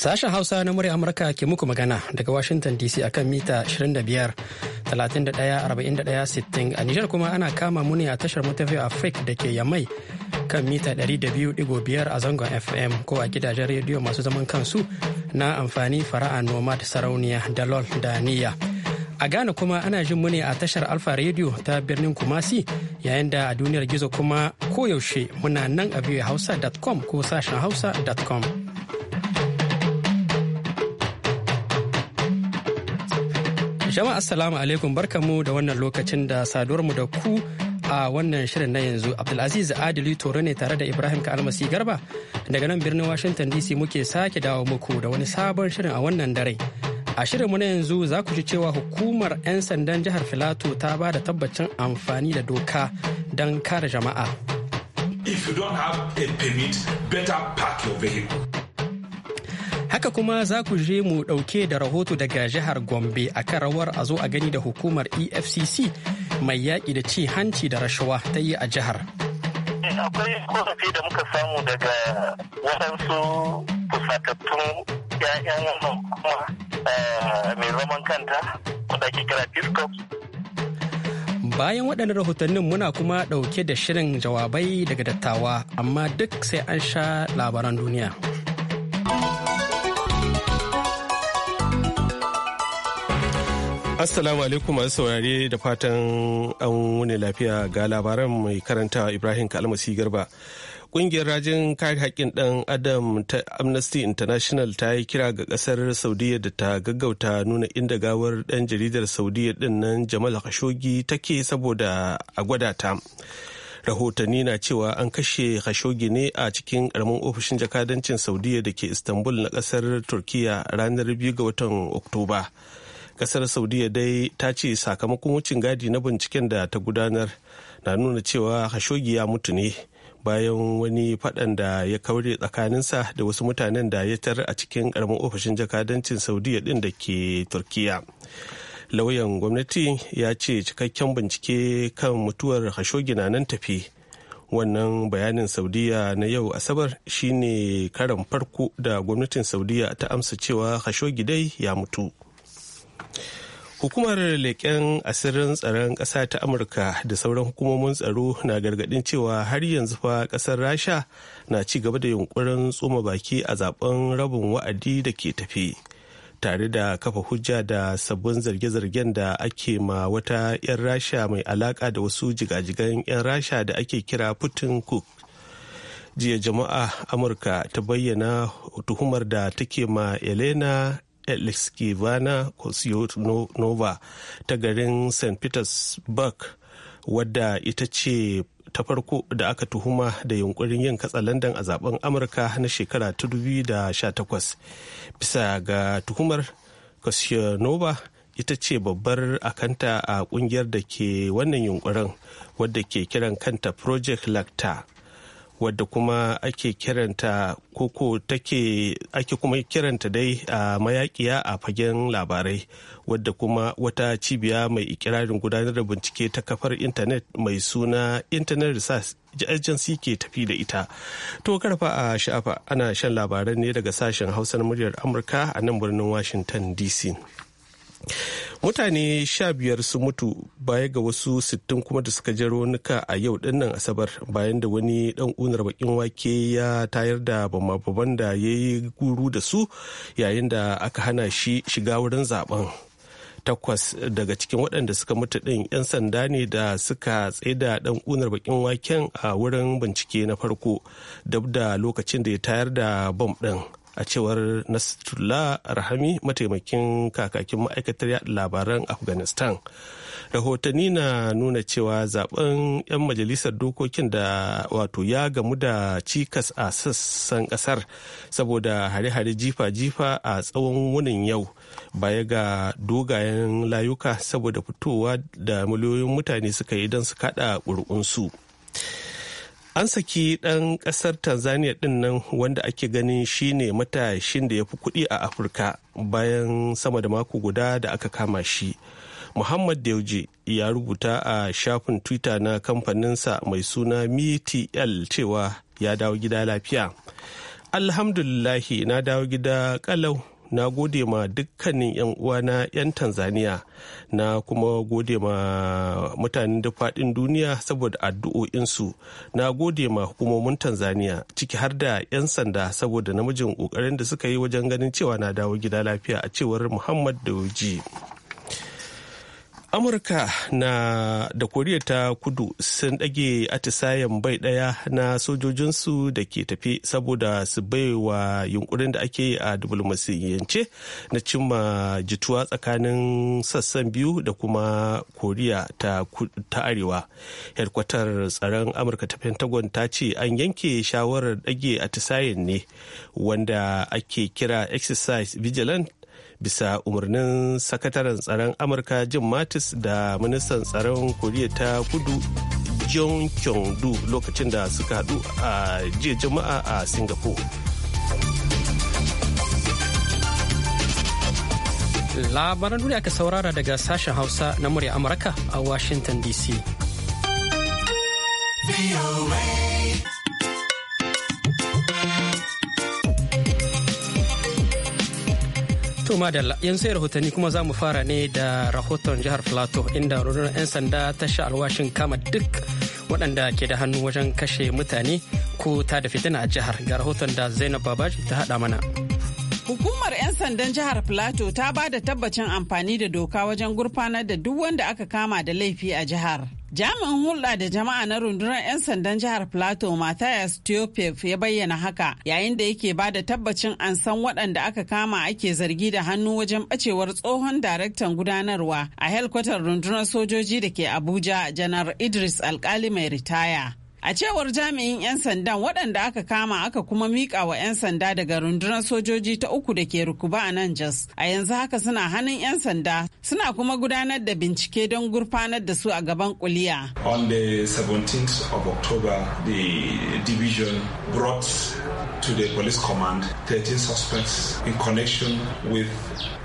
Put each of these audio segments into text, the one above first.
Sashen Hausa na murya Amurka ke muku magana daga Washington DC akan mita 25 31 sittin a Nijar kuma ana kama muni a tashar Mutafi Africa da ke Yamai kan mita 200.5 a zangon FM ko a gidajen rediyo masu zaman kansu na amfani fara'a Nomad Sarauniya da LOL da Niyya. A Ghana kuma ana jin muni a tashar Alfa Radio ta birnin Kumasi yayin da a duniyar gizo kuma koyaushe muna nan a hausa.com ko sashen hausa.com. Jama'a assalamu alaikum barkamu da wannan lokacin da saduwar mu da ku a wannan shirin na yanzu Abdulaziz Adili Toro ne tare da Ibrahim Kalmasi Garba daga nan birnin Washington DC muke sake dawo muku da wani sabon shirin a wannan dare. A shirin mu na yanzu za ku ji cewa hukumar 'yan sandan jihar Filato ta ba da tabbacin amfani da doka don kare jama'a. If you don't have a permit, better park your vehicle. Haka kuma za ku je mu ɗauke da rahoto daga jihar Gombe a kan rawar a zo a gani da hukumar EFCC mai yaƙi da ci hanci da rashawa ta yi a jihar. Eh, akwai korafi da muka samu daga waɗansu fusatattun 'ya'yan kuma eh, mai zaman kanta wanda ke kira Bayan waɗannan rahotannin muna kuma ɗauke da shirin jawabai daga dattawa amma duk sai an sha labaran duniya. Assalamu alaikum masu saurare da fatan an wune lafiya ga labaran mai karanta Ibrahim Kalmasi Garba. Kungiyar rajin kare haƙƙin ɗan Adam ta Amnesty International ta yi kira ga ƙasar Saudiya da ta gaggauta nuna inda gawar ɗan jaridar Saudiya ɗin nan Jamal Khashoggi take saboda a gwada ta. rahotanni na cewa an kashe khashoggi ne a cikin karamin ofishin jakadancin saudiya da ke istanbul na ƙasar turkiya ranar 2 ga watan oktoba kasar saudiya dai ta ce sakamakon wucin gadi na binciken da ta gudanar na nuna cewa hashogi ya mutu ne bayan wani faɗan da ya kaure tsakaninsa da wasu mutanen da ya tar a cikin karamin ofishin jakadancin saudiya ɗin da ke turkiya lauyan gwamnati ya ce cikakken bincike kan mutuwar hashogi na nan tafi wannan bayanin saudiya na yau asabar shine karan farko da gwamnatin saudiya ta amsa cewa hashogi dai ya mutu hukumar leƙen asirin tsaron ƙasa ta amurka da sauran hukumomin tsaro na gargaɗin cewa har yanzu fa ƙasar rasha na ci gaba da yunkurin tsoma baki a zaben rabin wa'adi da ke tafi tare da kafa hujja da sabbin zarge-zargen da ake ma wata 'yan rasha mai alaka da wasu jigajigan 'yan rasha da ake kira putin cook jiya jama'a amurka ta bayyana tuhumar da take ma elena elskivana kosiyonova ta garin st petersburg wadda ita ce ta farko da aka tuhuma da yunkurin yin katsalandan a zaben amurka na shekara 2018 bisa ga tuhumar kosiyonova ita ce babbar akanta a kungiyar da ke wannan yunkurin wadda ke kiran kanta project lacta wadda kuma ake kiranta koko take ake kuma kiranta dai a mayakiya a fagen labarai wadda kuma wata cibiya mai ikirarin gudanar da bincike ta kafar intanet mai suna internet research agency ke tafi da ita to karfa a sha'afa ana shan labaran ne daga sashen hausa na muryar amurka a nan birnin washington dc mutane sha biyar su mutu baya ga wasu sittin kuma da suka ji raunuka a yau dinnan asabar bayan da wani dan unar bakin wake ya tayar da bamababan da ya yi guru da su yayin da aka hana shi shiga wurin zaben takwas daga cikin waɗanda suka mutu ɗin 'yan sanda ne da suka tsaida ɗan ƙunar bakin waken a wurin bincike na farko dab da lokacin da ya tayar da bom ɗin a cewar nasrullah rahami mataimakin kakakin ma'aikatar yaɗa labaran afghanistan rahotanni na nuna cewa zaben 'yan majalisar dokokin da wato ya gamu da cikas a sassan kasar saboda hare-hare jifa-jifa a tsawon wunin yau baya ga dogayen layuka saboda fitowa da miliyoyin mutane suka yi don su kada ƙuri'unsu. an saki ɗan ƙasar tanzania ɗin nan wanda ake ganin shine matashin da ya fi kuɗi a afirka bayan sama da mako guda da aka kama shi muhammad deuje ya rubuta a shafin twitter na kamfaninsa mai suna mtl cewa ya dawo gida lafiya alhamdulillahi na dawo gida kalau na gode ma dukkanin 'yan uwana 'yan tanzania na kuma gode ma mutanen da fadin duniya saboda addu'o'insu na gode ma hukumomin tanzania ciki har da 'yan sanda saboda namijin kokarin da suka yi wajen ganin cewa na dawo gida lafiya a cewar muhammad dauji. amurka na da koriya ta kudu sun ɗage atisayen bai ɗaya na sojojinsu da ke tafi saboda su baiwa yunkurin da ake yi a diflomasiyyance na cimma jituwa tsakanin sassan biyu da kuma koriya ta, arewa headkwatar tsaron amurka ta pentagon ta ce an yanke shawarar ɗage atisayen ne wanda ake kira exercise vigilant bisa umarnin sakataren tsaron amurka jim mattis da ministan tsaron koriya ta kudu john kyong du lokacin da suka hadu a jiya jama'a a singapore labaran duniya aka saurara daga sashen hausa na murya amurka a washington dc To madalla yanzu sai rahotanni kuma za mu fara ne da rahoton jihar Plateau inda rundunar 'yan sanda ta sha alwashin kama duk waɗanda ke da hannu wajen kashe mutane ko ta da fitina a jihar ga rahoton da Zainab Babaji ta haɗa mana. Hukumar 'yan sandan jihar Plateau ta ba da tabbacin amfani da doka wajen gurfanar da duk wanda aka kama da laifi a jihar. Jami'in hulɗa da jama'a na rundunar 'yan sandan jihar plato Matthias Teofev ya bayyana haka yayin da yake ba da tabbacin an san waɗanda aka kama ake zargi da hannu wajen ɓacewar tsohon daraktan gudanarwa a helkwatar rundunar sojoji da ke Abuja janar Idris Alkali mai ritaya. A cewar jami'in 'yan sandan waɗanda aka kama aka kuma miƙa wa 'yan sanda daga rundunar sojoji ta uku da ke rukuba a nan Jos. A yanzu haka suna hannun 'yan sanda suna kuma gudanar da bincike don gurfanar da su a gaban kuliya. On the 17th of October, the division brought to the police command 13 suspects in connection with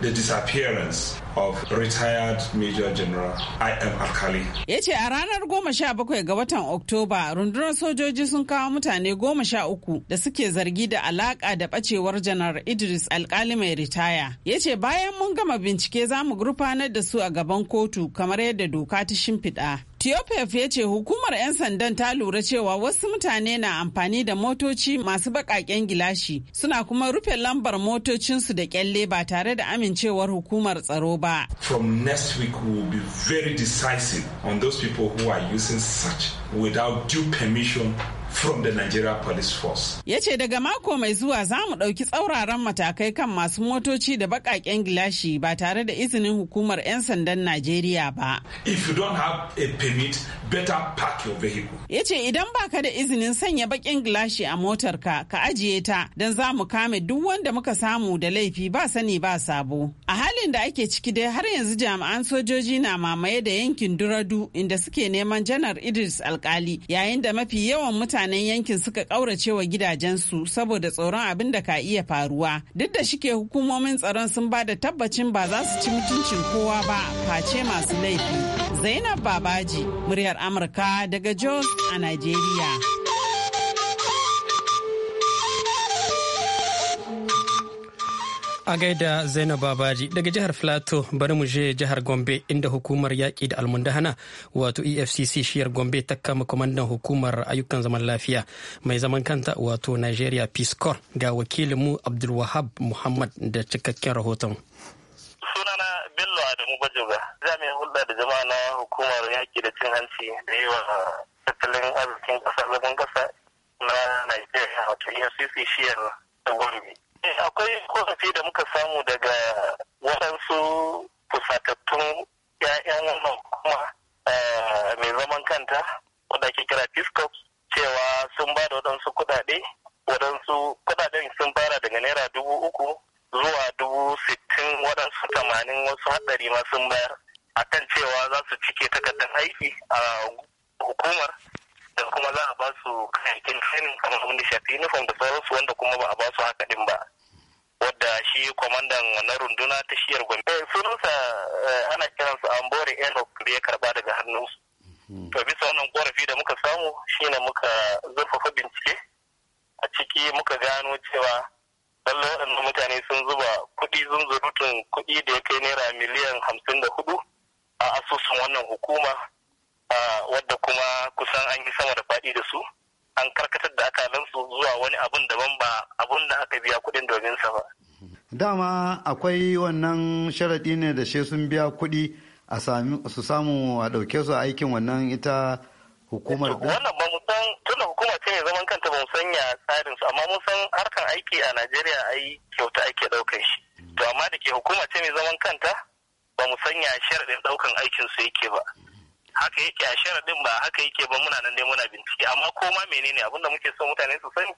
the disappearance of retired Major General I.M. Akali. Ya ce a ranar goma sha bakwai ga watan Oktoba rundunar sojoji sun kawo mutane goma sha uku da suke zargi da alaka da bacewar janar Idris alkali mai ritaya. Ya ce bayan mun gama bincike za mu gurfanar da su a gaban kotu kamar yadda doka ta shimfiɗa. Tiopef ya ce hukumar 'yan sandan ta lura cewa wasu mutane na amfani da motoci masu baƙaƙen gilashi suna kuma rufe lambar motocinsu da kyalle ba tare da amincewar hukumar tsaro ba. From next week we will be very decisive on those people who are using such without due permission from the Nigeria Police Force. Ya ce daga mako mai zuwa za mu ɗauki tsauraran matakai kan masu motoci da baƙaƙen gilashi ba tare da izinin hukumar 'yan sandan Najeriya ba. If you don't have a permit, better park your vehicle. Ya ce idan baka da izinin sanya baƙin gilashi a motarka, ka ajiye ta don za mu kame duk wanda muka samu da laifi ba sani ba sabo. A halin da ake ciki dai har yanzu jami'an sojoji na mamaye da yankin Duradu inda suke neman janar Idris Alkali yayin da mafi yawan mutane mutanen yankin suka ƙaurace wa gidajensu saboda tsoron abin da ka iya faruwa. Duk da shike hukumomin tsaron sun ba da tabbacin ba za su ci mutuncin kowa ba face masu laifi. Zainab Babaji, muryar Amurka daga Jos a Najeriya. A gaida Zainab Babaji daga jihar Filato bari mu je jihar Gombe inda hukumar yaƙi da almundahana wato EFCC shiyar Gombe ta kama kwamandan hukumar ayyukan zaman lafiya mai zaman kanta wato Nigeria Peace Corps ga wakilinmu Abdulwahab Muhammad da cikakken rahoton. Sunana Bello Adamu Bajoga jami'in hulɗa da jama'a na hukumar yaƙi da cin hanci da yi wa tattalin arzikin ƙasa zagon ƙasa na Nigeria wato EFCC shiyar Gombe. Eh, akwai korafi da muka samu daga waɗansu fusatattun 'ya'yan wannan kuma eh, mai zaman kanta wadda ake kira fiskop cewa sun ba da waɗansu kuɗaɗe waɗansu kuɗaɗen sun fara daga naira dubu uku zuwa dubu sittin waɗansu tamanin wasu haɗari ma sun bayar A kan cewa za su cike takardar aiki a hukumar da kuma za a ba su kayakin training kamar wanda shafi uniform da sauransu wanda kuma ba a ba su haka ba wadda shi kwamandan na runduna ta shiyar gombe eh, sunansa eh, ana kiransa ambore enoch da ya karba daga hannunsu hmm. to bisa wannan korafi da muka samu shine muka zurfafa bincike a ciki muka gano cewa lallai waɗannan mutane sun zuba kuɗi zunzurutun kuɗi da ya kai naira miliyan hamsin da hudu a asusun wannan hukuma ah, wadda kuma kusan an yi sama da faɗi da su an karkatar da aka akalansu zuwa wani abun daban ba abun da aka biya kuɗin domin sa ba. Dama akwai wannan sharaɗi ne da she sun biya kuɗi a su samu a ɗauke su aikin wannan ita hukumar Wannan ba mu san hukumar hukuma ce mai zaman kanta ba mu sanya tsarin su amma mun san harkan aiki a Najeriya ai kyauta ake ɗaukar shi. To amma da ke hukuma ce mai zaman kanta ba mu sanya sharaɗin ɗaukan aikin su yake ba. haka yake a din ba haka yake ba muna nan dai muna bincike amma ko ma menene abinda muke so mutane su sani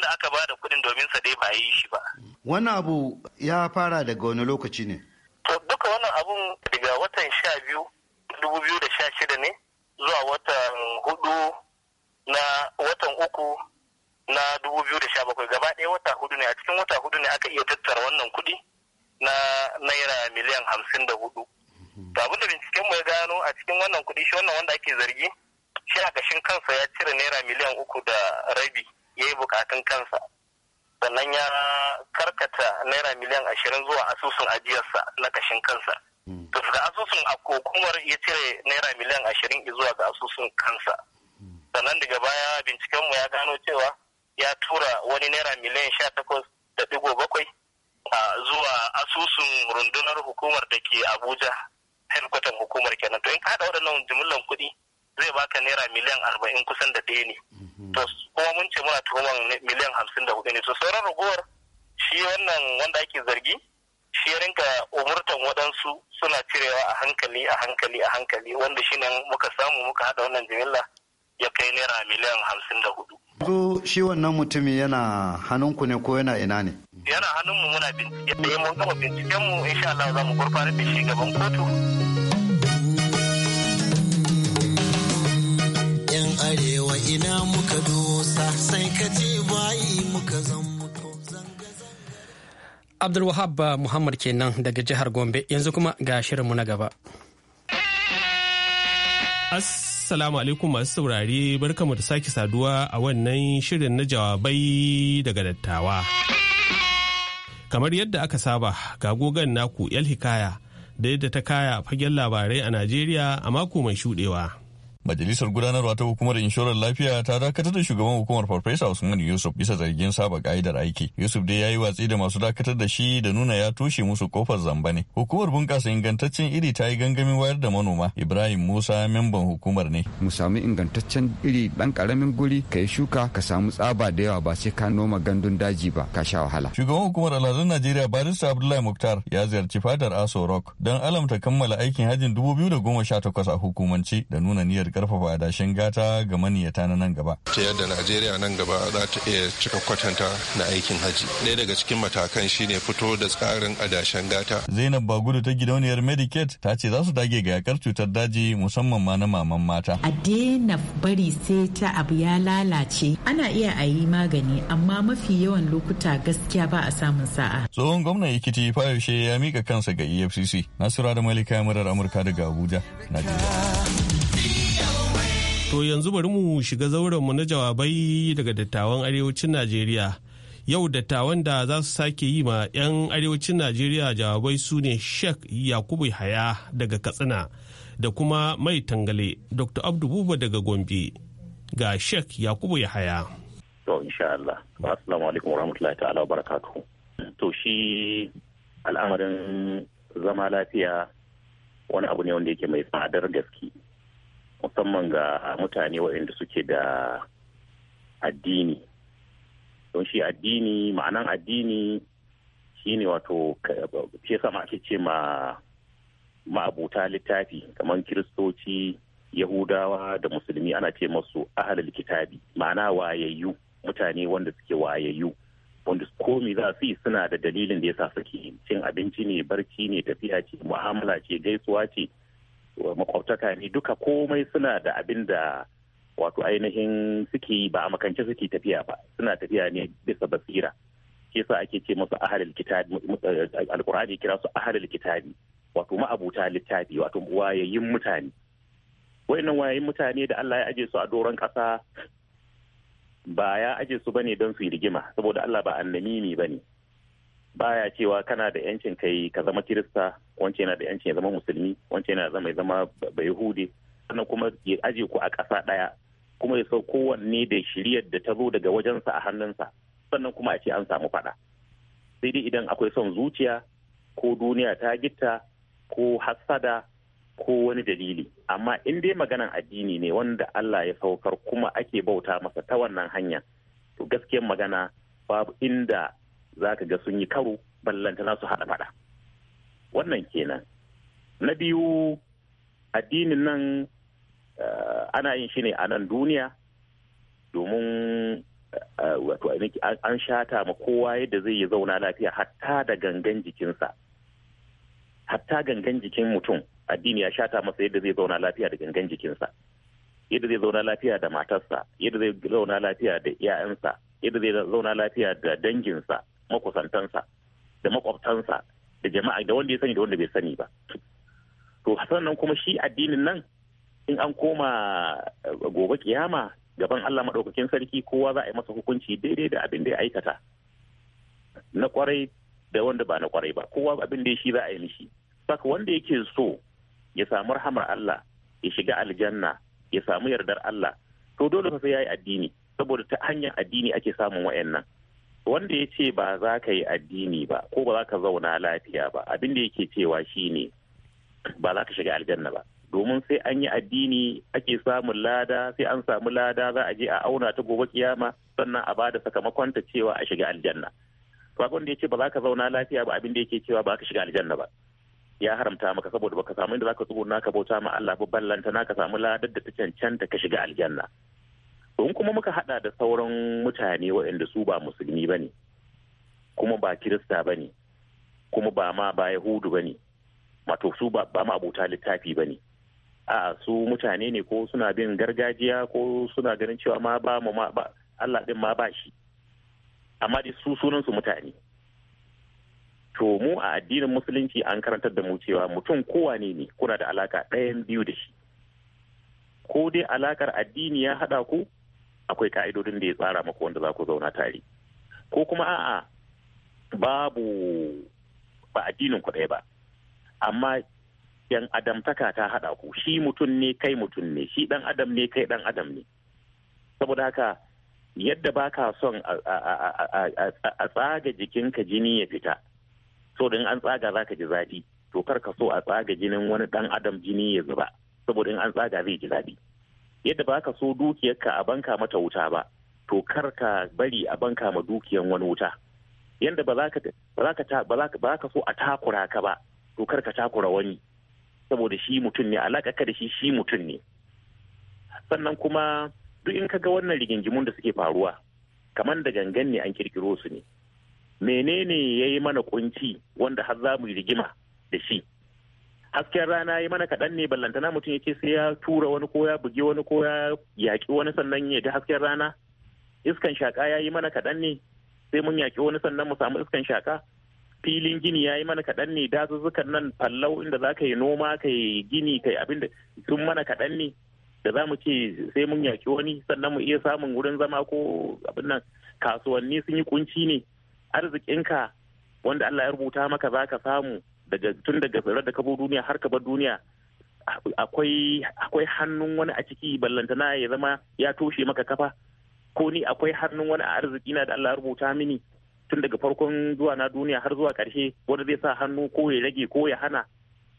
da aka ba da domin sa dai ba yi shi ba. Wannan abu ya fara daga wani lokaci ne? To duka wannan abun daga watan sha biyu dubu biyu da sha shida ne zuwa watan hudu na watan uku na dubu biyu da sha bakwai gaba ɗaya wata hudu ne a cikin wata hudu ne aka iya tattara wannan kuɗi na naira miliyan hamsin da hudu. to abin da binciken mu ya gano a cikin wannan kuɗi shi wannan wanda ake zargi shi a gashin kansa ya cire naira miliyan uku da rabi ya yi bukatun kansa sannan ya karkata naira miliyan ashirin zuwa asusun ajiyarsa na kashin kansa hmm. to daga asusun a hukumar ya cire naira miliyan ashirin zuwa ga asusun kansa hmm. sannan daga baya binciken mu ya gano cewa ya tura wani naira miliyan sha takwas da digo bakwai zuwa asusun rundunar hukumar da ke abuja helkwatan hukumar kenan to in ka hada waɗannan jimillan kuɗi zai baka naira miliyan arba'in kusan da ɗaya ne mhm. to kuma mun ce muna tuhuman miliyan hamsin da hudu ne to sauran ragowar shi wannan wanda ake zargi shi ya rinka umurtan waɗansu suna cirewa a hankali a hankali a hankali wanda shine muka samu muka haɗa wannan jimilla ya kai naira miliyan hamsin da hudu. shi wannan mutumin yana hannunku ne ko yana ina ne? yana hannunmu muna bincike da eh, mun gama bincikenmu insha Allah za mu gurfanar da shi gaban kotu yan arewa ina muka dosa sai ka ce bayi muka zan Abdulwahab uh, Muhammad kenan daga jihar Gombe yanzu kuma ga shirinmu na gaba. Assalamu alaikum masu saurare barkamu da sake saduwa a wannan shirin na jawabai daga dattawa. kamar yadda aka saba ga gogan naku yal hikaya da yadda ta kaya fagen labarai a najeriya a mako mai shudewa Majalisar gudanarwa ta hukumar inshorar lafiya ta dakatar da shugaban hukumar Farfesa Usman Yusuf bisa zargin saba ka'idar aiki. Yusuf dai ya yi watsi da masu dakatar da shi da nuna ya toshe musu kofar zamba ne. Hukumar bunƙasa ingantaccen iri ta yi gangamin wayar da manoma. Ibrahim Musa memban hukumar ne. Mu sami ingantaccen iri ɗan ƙaramin guri ka yi shuka ka samu tsaba da yawa ba sai ka noma gandun daji ba ka sha wahala. Shugaban hukumar alhazan Najeriya Barista Abdullahi Muktar ya ziyarci fadar Aso Rock don alamta kammala aikin hajjin 2018 a hukumance da nuna niyyar karfafa adashin gata ga maniyata na nan gaba. Ta yadda Najeriya nan gaba za ta iya cika kwatanta na aikin haji. Ɗaya daga cikin matakan shine fito da tsarin adashin gata. Zainab Bagudu ta gidauniyar Medicaid ta ce za su dage ga yakar cutar daji musamman ma na maman mata. A daina bari sai ta abu ya lalace. Ana iya a yi magani amma mafi yawan lokuta gaskiya ba a samun sa'a. Tsohon gwamnan Ikiti Fayoshe ya mika kansa ga EFCC. Nasura da Malika Murar Amurka daga Abuja, Najeriya. To yanzu bari mu shiga zauren mu na jawabai daga dattawan arewacin Najeriya. Yau dattawan da za su sake yi ma 'yan arewacin Najeriya jawabai su ne Sheikh Yakubu Haya daga Katsina da kuma Mai Tangale Dr. Abdu daga Gombe ga Sheikh Yakubu Yahaya. To insha Allah. Assalamu alaikum warahmatullahi ta'ala To shi al'amarin zama lafiya wani abu ne wanda yake mai tsadar gaske. musamman ga mutane waɗanda suke da addini don shi addini ma'anan addini shine wato shi yasa ake ce ma ma'abuta littafi kamar kiristoci yahudawa da musulmi ana ce masu ahalal kitabi ma'ana wayayyu mutane wanda suke wayayyu wanda komi za su yi suna da dalilin da ya yasa suke cin abinci ne barci ne tafiya ce mu'amala ce gaisuwa ce makwabtaka ne duka komai suna da abin da wato ainihin suke ba a makance suke tafiya ba suna tafiya ne bisa basira ke sa ake ce masu ahalil kitabi alkurani kira su ahalil kitabi wato ma'abuta littafi wato wayayyin mutane wayannan wayayin mutane da Allah ya aje su a doron ƙasa ba ya aje su bane don su yi rigima saboda Allah ba annami ne bane baya cewa kana da yancin kai ka zama kirista wance yana da yancin ya zama musulmi wance yana zama ya zama bayahudi sannan kuma ya aje ku a ƙasa ɗaya kuma ya sau kowanne da shiriyar da ta zo daga wajensa a hannunsa sannan kuma a ce an samu faɗa sai dai idan akwai son zuciya ko duniya ta gitta ko hassada ko wani dalili amma in dai maganan addini ne wanda Allah ya saukar kuma ake bauta masa ta wannan hanya to gaskiyar magana babu inda za ka ga sun yi karo ballantana su haɗa faɗa wannan kenan na biyu addinin nan eh, ana yin shi ne a nan duniya domin eh, wato an shata ma kowa yadda zai yi zauna lafiya hatta da gangan jikinsa hatta gangan jikin mutum addini ya shata masa yadda zai zauna lafiya da gangan jikinsa yadda zai zauna lafiya da matarsa yadda zai zauna lafiya da 'ya'yansa yadda zai zauna lafiya da danginsa makusantansa da makwabtansa da jama'a da wanda ya sani da wanda bai sani ba to sannan kuma shi addinin nan in an koma eh, gobe kiyama gaban Allah maɗaukakin sarki kowa za a yi masa hukunci daidai da abin da ya aikata na kwarai da wanda ba na kwarai ba kowa abin da shi za a yi mishi saka wanda yake so ya samu rahamar Allah ya shiga aljanna ya samu yardar Allah to dole fa sai yayi addini saboda ta hanyar addini ake samun wayannan wanda ya ce ba za ka yi addini ba ko ba za ka zauna lafiya ba abin da yake cewa shine ba za ka shiga aljanna ba domin sai an yi addini ake samun lada sai an samu lada za a je a auna ta gobe kiyama sannan a bada sakamakonta cewa a shiga aljanna to abin da ya ce ba za ka zauna lafiya ba abin da yake cewa ba ka shiga aljanna ba ya haramta maka saboda baka samu inda zaka tsuguna ka bauta ma Allah ba ballanta naka samu ladar da ta cancanta ka shiga aljanna Don kuma muka hada da sauran mutane waɗanda su ba musulmi ba ne kuma ba kirista ba ne kuma ba ma ba yahudu ba ne mato su ba ma abota littafi ba ne a su mutane ne ko suna bin gargajiya ko suna ganin cewa ma ba mu ma ba Allah din ma ba shi amma dai su sunan su mutane to mu a addinin musulunci an karantar da mu cewa mutum kowane ne kuna da alaka ɗayan biyu da shi ko dai alakar addini ya haɗa ku akwai ka'idodin da ya tsara maka wanda za ku zauna tare ko kuma a'a babu ba addinin ku ɗaya ba amma yan adamtaka ta haɗa ku shi mutum ne kai mutum ne shi ɗan adam ne kai ɗan adam ne saboda haka yadda ba ka son a tsaga jikinka jini ya fita so in an tsaga za ka ji zafi to kar ka so a tsaga jinin wani ɗan adam jini ya zuba saboda in an tsaga zai ji zafi yadda ba ka so dukiyarka a banka mata wuta ba to kar ka bari a banka ma dukiyan wani wuta yadda ba za ka so a takura ka ba to kar ka takura wani saboda shi mutum ne alaƙa ka da shi shi mutum ne sannan kuma duk in ka ga wannan rigingimun da suke faruwa kamar da gangan ne an kirkiro su ne menene ya yi mana kunci wanda har za mu rigima da shi hasken rana ya mana kaɗan ne ballantana mutum yake sai ya tura wani ko ya bugi wani ko ya yaƙi wani sannan ya ji hasken rana iskan shaka ya yi mana kaɗan ne sai mun yaƙi wani sannan mu samu iskan shaka filin gini ya yi mana kaɗan ne dazuzzukan nan fallau inda za ka yi noma ka yi gini ka yi abin da sun mana kaɗan ne da za mu ce sai mun yaƙi wani sannan mu iya samun wurin zama ko abin nan kasuwanni sun yi kunci ne arzikinka wanda Allah ya rubuta maka za ka samu daga tun daga tsirrai da kabo duniya har kaba duniya akwai hannun wani a ciki ballantana ya zama ya toshe maka kafa ko ni akwai hannun wani a arziki na da Allah rubuta mini tun daga farkon zuwa na duniya har zuwa karshe wanda zai sa hannu ko ya rage ko ya hana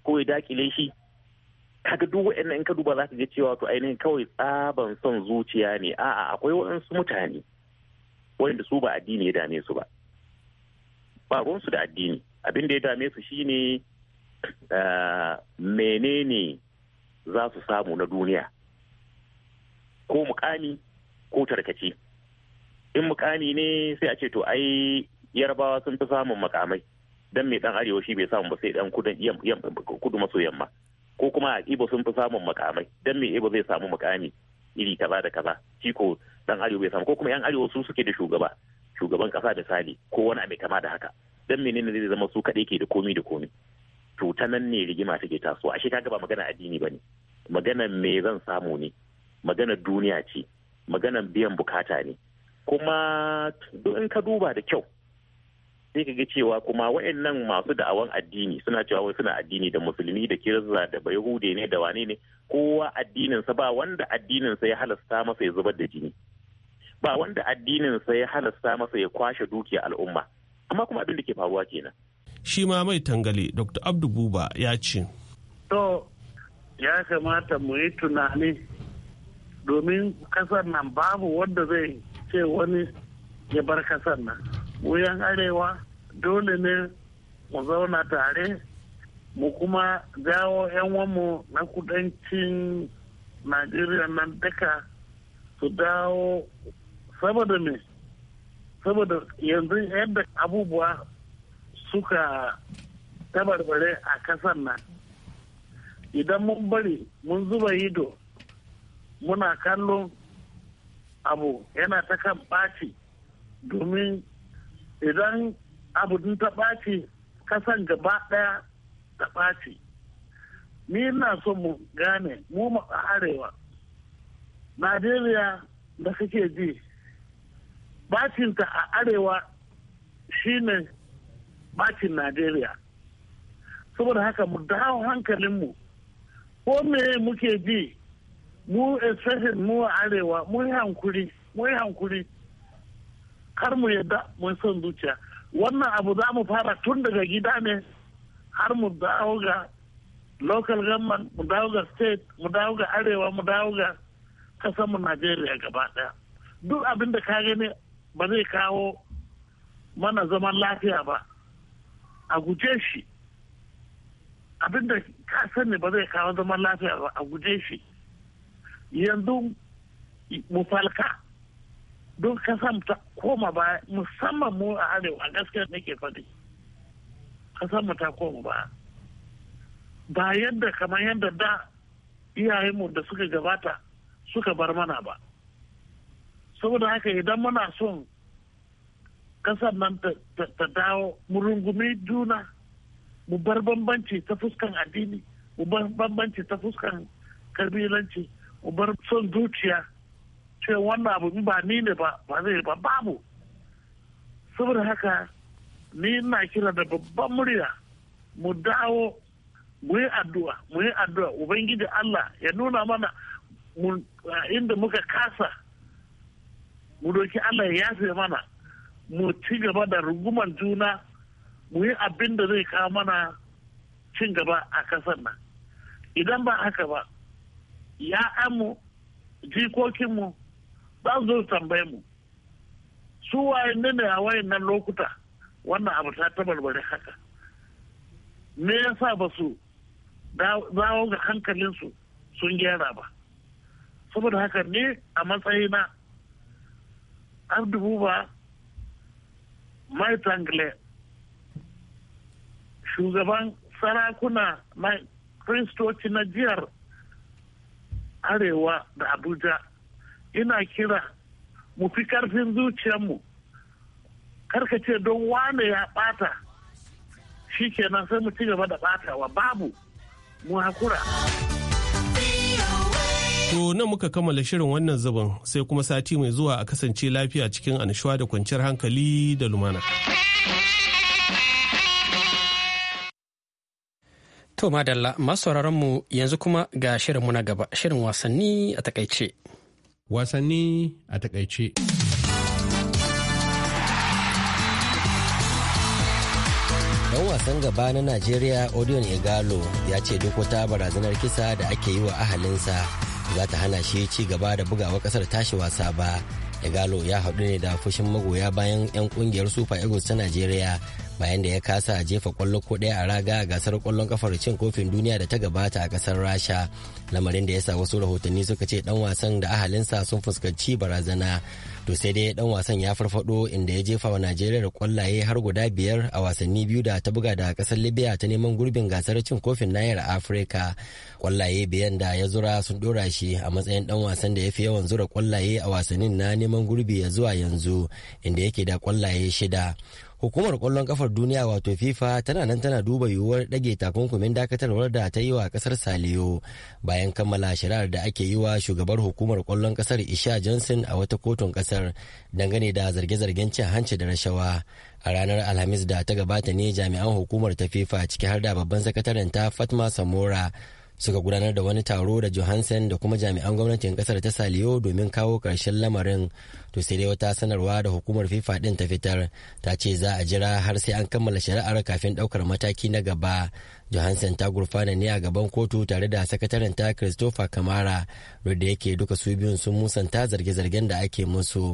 ko ya dakile shi kaga duk wa'annan in ka duba za ka ga cewa to ainihin kawai tsaban son zuciya ne a'a akwai waɗansu mutane wanda su ba addini ya dame su ba ba ruwansu da addini abin da ya dame su shine eh, menene za su samu na duniya ko mukami ko tarkace in mukami ne sai a ce to ai yarbawa sun fi samun makamai dan mai dan arewa shi bai samu ba sai dan kudu maso yamma ko kuma a ibo sun fi samun makamai dan mai ibo zai samu mukami iri kaza da kaza shi ko dan arewa bai samu ko kuma yan arewa su suke da shugaba shugaban kasa da sali ko wani mai kama da haka dan menene zai zama su kaɗai ke da komi da komi to ta nan ne rigima take tasowa ashe kaga ba magana addini bane magana me zan samu ne magana duniya ce magana biyan bukata ne kuma in ka duba da kyau sai ka ga cewa kuma waɗannan masu da'awan addini suna cewa wai suna addini da musulmi da kirista da bayahude ne da wane ne kowa addininsa ba wanda addininsa ya halasta masa ya zubar da jini ba wanda addininsa ya halasta masa ya kwashe dukiya al'umma amma kuma abin da ke faruwa kenan shi ma mai tangale dr abdu buba ya ce to ya kamata mu yi tunani domin kasar nan babu wanda zai ce wani ya bar kasar nan wuyan arewa dole ne mu zauna tare mu kuma jawo 'yan mu na kudancin najeriya nan duka su dawo saboda ne saboda yanzu yadda abubuwa suka tabarbare a kasar nan idan mun bari mun zuba ido muna kallon abu yana ta kan ɓaci domin idan abu ta ɓaci kasan gaba ɗaya ta ɓaci ni na so mu gane mu arewa najeriya da kake ji bacinta a arewa shine bacin najeriya saboda haka mu dawo hankalinmu ko me muke ji mu especially mu a arewa mu yi hankuri mu yi hankuri mu yadda mu son zuciya wannan abu za mu fara tun daga gida ne har mu dawo ga local government mu dawo ga state mu dawo ga arewa mu dawo ga kasanmu najeriya gaba daya duk abinda da ka gani ba zai kawo mana zaman lafiya ba a guje shi abinda ka sani ba zai kawo zaman lafiya ba a guje shi yanzu mufalka don kasan ta koma ba musamman mu a arewa gaskiya nake faɗi kasan ta koma ba ba yadda kamar yadda da iyayenmu da suka gabata suka bar mana ba saboda haka idan muna son kasar nan ta dawo mu rungumi juna mu bar bambanci ta fuskan addini mu bar bambanci ta fuskan kabilanci mu bar son zuciya ce wannan abu ba ni ne ba ba zai ba babu saboda haka ni na kira da babban murya mu dawo mu yi addu'a mu yi addu'a ubangiji Allah ya nuna mana inda muka kasa mu doki Allah ya yafe mana mu ci gaba da ruguman juna mu yi abin da zai kawo mana cin gaba a kasar nan idan ba haka ba ya amu jikokinmu ba zo tambaye mu su waye ne a wayan nan lokuta wannan abu ta tabarbare haka me yasa ba su dawo ga hankalinsu sun gyara ba saboda haka ne a matsayina abdu buba maitangle shugaban sarakuna na kristoci na jihar arewa da abuja ina kira mu fi karfin zuciyarmu karkace don wane ya bata shi kenan sai mu ci gaba da batawa babu mu hakura. To nan muka kammala shirin wannan zubin sai kuma sati mai zuwa a kasance lafiya cikin annashuwa da kwanciyar hankali da lumana. To madalla masu mu yanzu kuma ga shirin na gaba shirin wasanni a takaice. Wasanni a takaice. dan wasan gaba na najeriya odion igalo ya ce duk wata barazanar kisa da ake yi wa ahalinsa za ta hana shi ci gaba da bugawa kasar tashi wasa ba igalo ya haɗu ne da fushin magoya bayan 'yan kungiyar super eagles ta najeriya bayan da ya kasa a jefa kwallo ko ɗaya a raga a gasar kwallon kafar cin kofin duniya da ta gabata a kasar rasha lamarin da ya sa wasu rahotanni suka ce dan wasan da ahalinsa sun fuskanci barazana to sai dai ɗan wasan ya farfado inda ya jefa wa najeriya da kwallaye har guda biyar a wasanni biyu da ta buga da kasar libya ta neman gurbin gasar cin kofin nayar afirka kwallaye biyan da ya zura sun dora shi a matsayin ɗan wasan da ya fi yawan zura kwallaye a wasannin na neman gurbi ya zuwa yanzu inda yake da kwallaye shida hukumar kwallon kafar duniya wato fifa tana nan tana duba yiwuwar ɗage takunkumin dakatarwar da ta yi wa kasar saliyo bayan kammala shari'ar da ake yi wa shugabar hukumar kwallon kasar isha johnson a wata kotun kasar dangane da zarge-zargen cin hanci da rashawa a ranar alhamis da ta gabata ne jami'an hukumar ta fifa ciki har da babban sakataren ta fatma samora suka gudanar da wani taro da johansen da kuma jami'an gwamnatin kasar ta saliyo domin kawo ƙarshen lamarin to sai dai wata sanarwa da hukumar fifa din ta fitar ta ce za a jira har sai an kammala shari'ar kafin daukar mataki na gaba johansen ta gurfana ne a gaban kotu tare da sakataren ta christopher kamara da yake duka su biyun sun musanta zarge-zargen da ake musu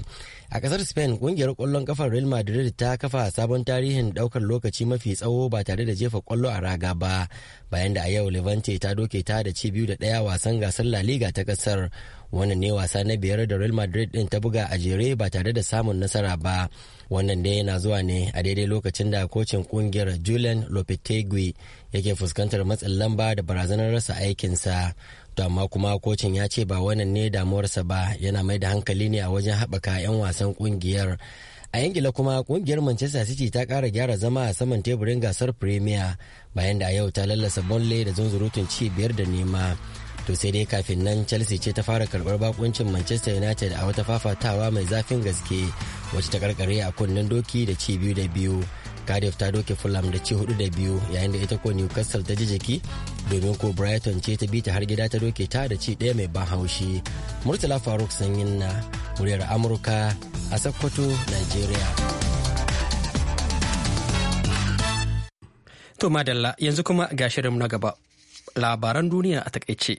a kasar spain kungiyar kwallon kafar real madrid ta kafa sabon tarihin daukar lokaci mafi tsawo ba tare da jefa kwallo a raga ba bayan da a yau levante ta doke ta da ci biyu da daya wasan gasar la liga ta kasar wannan ne wasa na biyar da real madrid din ta buga a jere ba tare da samun nasara ba wannan ne yana zuwa ne a daidai lokacin da kocin kungiyar julian lopetegui yake fuskantar matsin lamba da barazanar rasa aikinsa to amma kuma kocin ya ce ba wannan ne damuwarsa ba yana mai da hankali ne a wajen haɓaka 'yan wasan kungiyar a ingila kuma kungiyar manchester city ta kara gyara zama a saman teburin gasar premier bayan da a yau ta lallasa bonley da zunzurutun ci biyar da nema to sai dai kafin nan chelsea ce ta fara karbar bakuncin manchester united a wata fafatawa mai zafin gaske wacce ta karkare a kunnen doki da ci biyu da biyu cardiff ta doke fulham da ci hudu da biyu yayin da ita ko newcastle ta ji jiki domin ko brighton ce ta bi ta har gida ta doke ta da ci ɗaya mai ban haushi murtala faruk sanyin na muryar amurka a sokoto nigeria to madalla yanzu kuma ga shirin na gaba labaran duniya a takaice.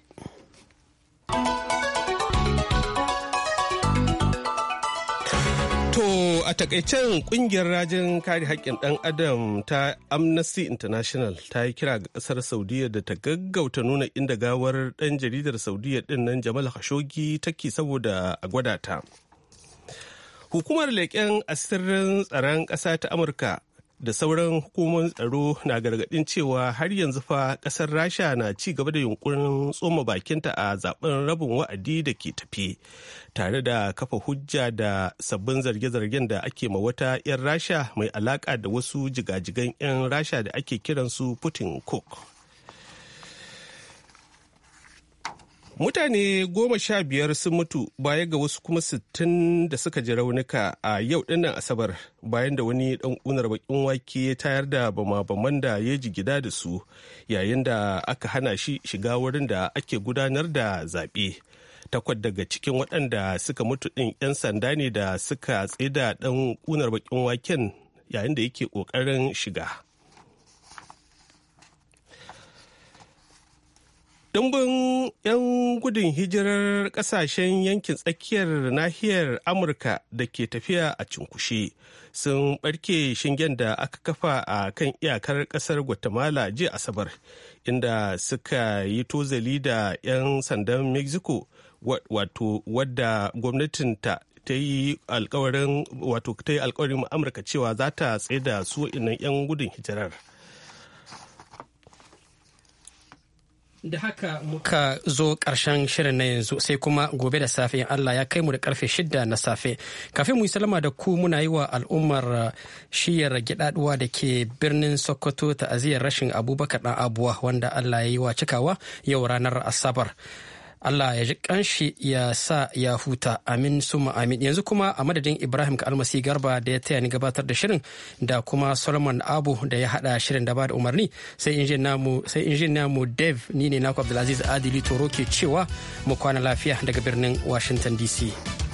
To a takaicen kungiyar rajin kare haƙƙin ɗan adam ta Amnesty International ta yi kira ga ƙasar Saudiya da ta gaggauta nuna inda gawar ɗan jaridar Saudiya ɗin nan Jamal Khashoggi take saboda a gwada ta. Hukumar leƙen asirin tsaron ƙasa ta Amurka da sauran hukumomin tsaro na gargadin cewa har yanzu fa kasar rasha na ci gaba da yunkurin tsoma bakinta a zaben rabin wa'adi da ke tafi tare da kafa hujja da sabbin zarge-zargen da ake ma wata 'yan rasha mai alaka da wasu jigajigan 'yan rasha da ake kiransu putin cook mutane goma sha biyar sun mutu baya ga wasu kuma sittin da suka ji raunuka a yau dinnan asabar bayan da wani dan unar bakin wake ya tayar da bama-baman da ya ji gida da su yayin da aka hana shi shiga wurin da ake gudanar da zaɓe takwas daga cikin waɗanda suka mutu ɗin 'yan sanda ne da suka tsida ɗan unar bakin waken yayin da yake ƙoƙarin shiga Dumbin 'yan gudun hijirar kasashen yankin tsakiyar nahiyar Amurka da ke tafiya a cunkushe sun barke shingen da aka kafa a kan iyakar ƙasar Guatemala jiya Asabar, inda suka yi tozali da 'yan sandan Mexico wato wadda gwamnatinta ta yi alkawarin Amurka cewa za ta tsaye da su 'yan gudun hijirar. da haka muka zo karshen shirin na yanzu sai kuma gobe da safe Allah ya kai mu da karfe shida na safe kafin mu yi salama da ku muna yi wa al'ummar uh, shiyar gidaɗuwa da ke birnin Sokoto ta'aziyar rashin Abubakar dan Abuwa wanda Allah ya yi wa cikawa yau ranar Asabar Allah ya ji kanshi ya sa ya huta amin suma amin yanzu kuma a madadin Ibrahim ka almasi garba da ya taya ni gabatar da shirin da kuma Solomon Abu da ya hada shirin da ba da umarni sai injin namu sai injin namu Dave ni ne naku Abdulaziz Adili Toro ke cewa mu kwana lafiya daga birnin Washington DC.